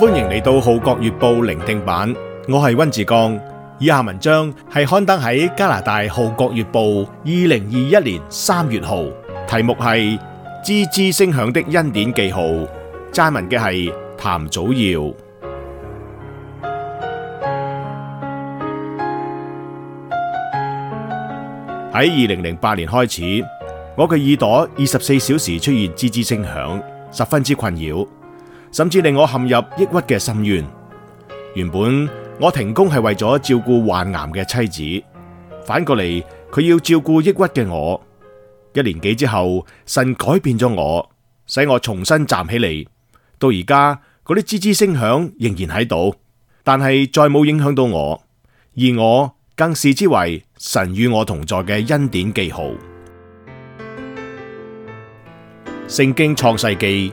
歡迎嚟到《浩國月報》聆聽版，我係溫志剛。以下文章係刊登喺加拿大《浩國月報》二零二一年三月號，題目係《吱吱聲響的恩典記號》，撰文嘅係譚祖耀。喺二零零八年開始，我嘅耳朵二十四小時出現吱吱聲響，十分之困擾。甚至令我陷入抑鬱嘅深淵。原本我停工係為咗照顧患癌嘅妻子，反過嚟，佢要照顧抑鬱嘅我。一年幾之後，神改變咗我，使我重新站起嚟。到而家嗰啲吱吱聲響仍然喺度，但係再冇影響到我，而我更視之為神與我同在嘅恩典記號。聖經創世記。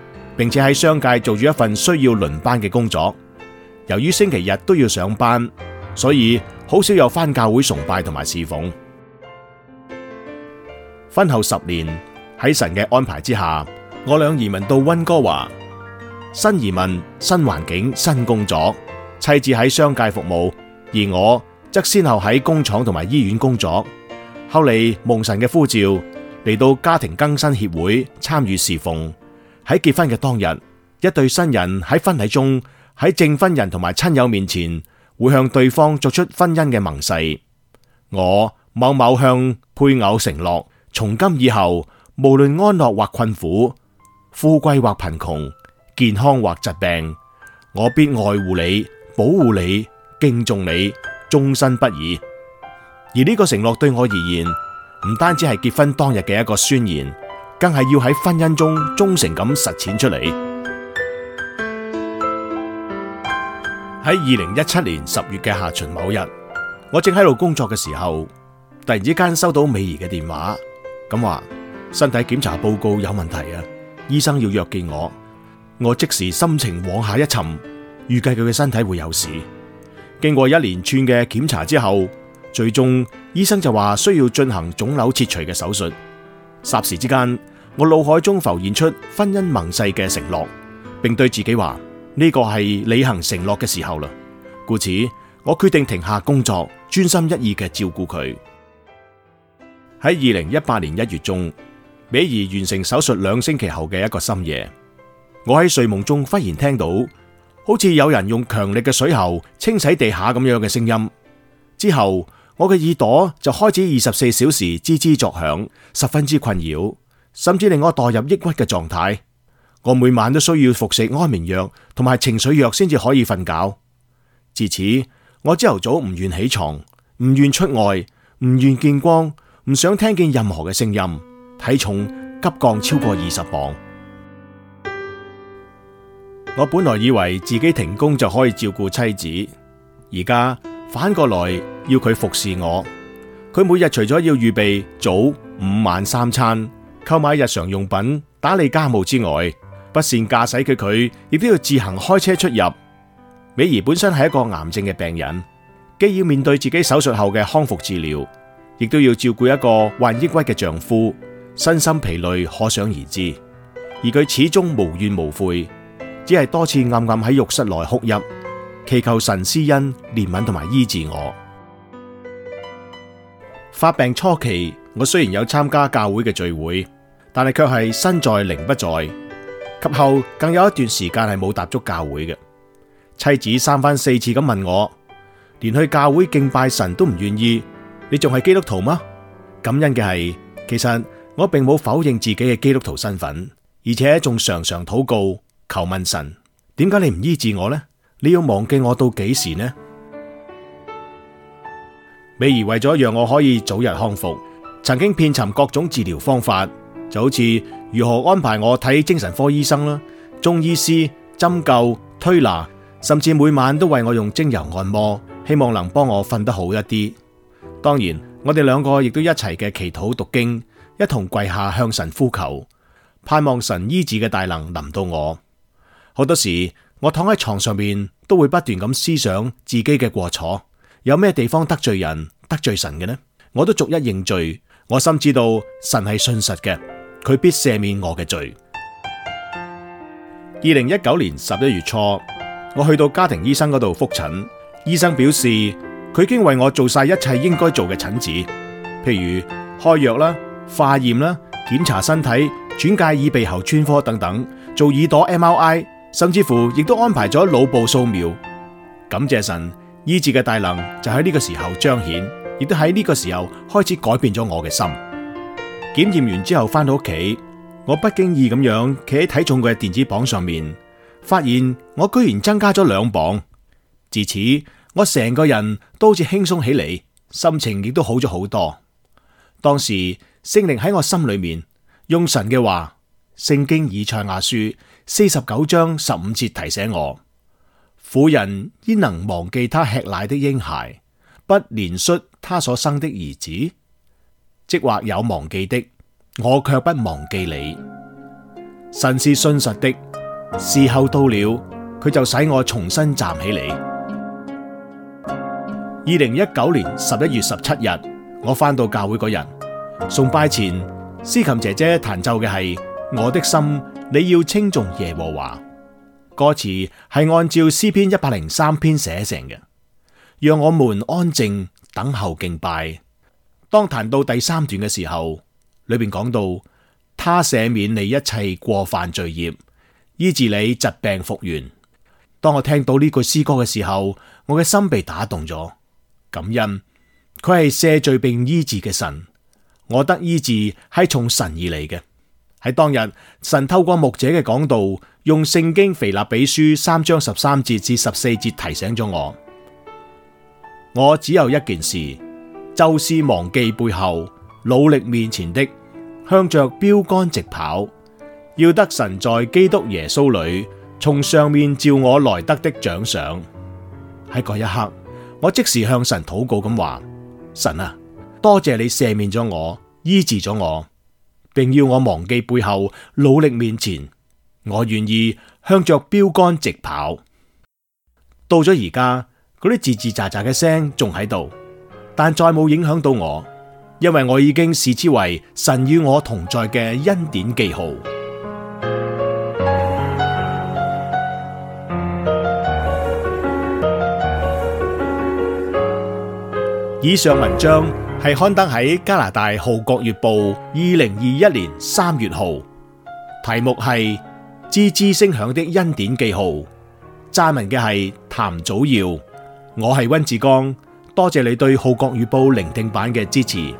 並且喺商界，做咗一份需要輪班嘅工作，由於星期日都要上班，所以好少有返教會崇拜同埋侍奉。婚後十年喺神嘅安排之下，我倆移民到溫哥華，新移民、新環境、新工作。妻子喺商界服務，而我則先後喺工廠同埋醫院工作。後嚟蒙神嘅呼召，嚟到家庭更新協會參與侍奉。喺結婚嘅當日，一對新人喺婚禮中喺證婚人同埋親友面前，會向對方作出婚姻嘅盟誓。我某某向配偶承諾，從今以後，無論安樂或困苦、富貴或貧窮、健康或疾病，我必愛護你、保護你、敬重你，終身不移。而呢個承諾對我而言，唔單止係結婚當日嘅一個宣言。更係要喺婚姻中忠誠咁實踐出嚟。喺二零一七年十月嘅下旬某日，我正喺度工作嘅時候，突然之間收到美兒嘅電話，咁話身體檢查報告有問題啊，醫生要約見我。我即時心情往下一沉，預計佢嘅身體會有事。經過一連串嘅檢查之後，最終醫生就話需要進行腫瘤切除嘅手術。霎時之間，我腦海中浮現出婚姻盟誓嘅承諾，並對自己話，呢個係履行承諾嘅時候啦。故此，我決定停下工作，專心一意嘅照顧佢。喺二零零八年一月中，美兒完成手術兩星期後嘅一個深夜，我喺睡夢中忽然聽到好似有人用強力嘅水喉清洗地下咁樣嘅聲音。之後，我嘅耳朵就開始二十四小時吱吱作響，十分之困擾。甚至令我墮入抑鬱嘅狀態，我每晚都需要服食安眠藥同埋情緒藥，先至可以瞓覺。自此，我朝頭早唔願起床，唔願出外，唔願見光，唔想聽見任何嘅聲音。體重急降超過二十磅。我本來以為自己停工就可以照顧妻子，而家反過來要佢服侍我。佢每日除咗要預備早午晚三餐，購買日常用品、打理家務之外，不善駕駛嘅佢亦都要自行開車出入。美兒本身係一個癌症嘅病人，既要面對自己手術後嘅康復治療，亦都要照顧一個患抑鬱嘅丈夫，身心疲累可想而知。而佢始終無怨無悔，只係多次暗暗喺浴室內哭泣，祈求神施恩、憐憫同埋醫治我。發病初期。我雖然有參加教會嘅聚會，但係卻係身在靈不在。及後更有一段時間係冇踏足教會嘅。妻子三番四次咁問我，連去教會敬拜神都唔願意，你仲係基督徒嗎？感恩嘅係，其實我並冇否認自己嘅基督徒身份，而且仲常常禱告求問神，點解你唔醫治我呢？你要忘記我到幾時呢？美兒為咗讓我可以早日康復。曾經遍尋各種治療方法，就好似如何安排我睇精神科醫生啦，中醫師、針灸、推拿，甚至每晚都為我用精油按摩，希望能幫我瞓得好一啲。當然，我哋兩個亦都一齊嘅祈禱讀經，一同跪下向神呼求，盼望神醫治嘅大能臨到我。好多時我躺喺床上面，都會不斷咁思想自己嘅過錯，有咩地方得罪人、得罪神嘅呢？我都逐一認罪。我深知道神係信實嘅，佢必赦免我嘅罪。二零一九年十一月初，我去到家庭醫生嗰度復診，醫生表示佢已經為我做晒一切應該做嘅診治，譬如開藥啦、化驗啦、檢查身體、轉介耳鼻喉專科等等，做耳朵 MRI，甚至乎亦都安排咗腦部掃描。感謝神，醫治嘅大能就喺呢個時候彰顯。亦都喺呢個時候開始改變咗我嘅心。檢驗完之後翻到屋企，我不經意咁樣企喺體重嘅電子磅上面，發現我居然增加咗兩磅。自此，我成個人都好似輕鬆起嚟，心情亦都好咗好多。當時聖靈喺我心裏面用神嘅話《聖經以賽亞書四十九章十五節》提醒我：婦人焉能忘記她吃奶的嬰孩，不憐恤，他所生的兒子，即或有忘記的，我卻不忘記你。神是信實的，時候到了，佢就使我重新站起嚟。二零一九年十一月十七日，我返到教會嗰日，崇拜前，司琴姐姐彈奏嘅係《我的心，你要稱頌耶和華》，歌詞係按照詩篇一百零三篇寫成嘅，讓我們安靜。等候敬拜。當談到第三段嘅時候，裏邊講到他赦免你一切過犯罪孽，醫治你疾病復原。當我聽到呢句詩歌嘅時候，我嘅心被打動咗，感恩，佢係赦罪並醫治嘅神。我得醫治係從神而嚟嘅。喺當日，神透過牧者嘅講道，用聖經腓立比書三章十三節至十四節提醒咗我。我只有一件事，就是忘記背後，努力面前的，向着標杆直跑。要得神在基督耶穌裏，從上面召我來得的獎賞。喺嗰一刻，我即時向神禱告咁話：神啊，多謝你赦免咗我，醫治咗我，並要我忘記背後，努力面前。我願意向着標杆直跑。到咗而家。嗰啲吱吱喳喳嘅聲仲喺度，但再冇影響到我，因為我已經視之為神與我同在嘅恩典記號。 以上文章係刊登喺加拿大《號角月報》二零二一年三月號，題目係《吱吱聲響的恩典記號》，撰文嘅係譚祖耀。我係溫志剛，多謝你對《號角月報》聆聽版嘅支持。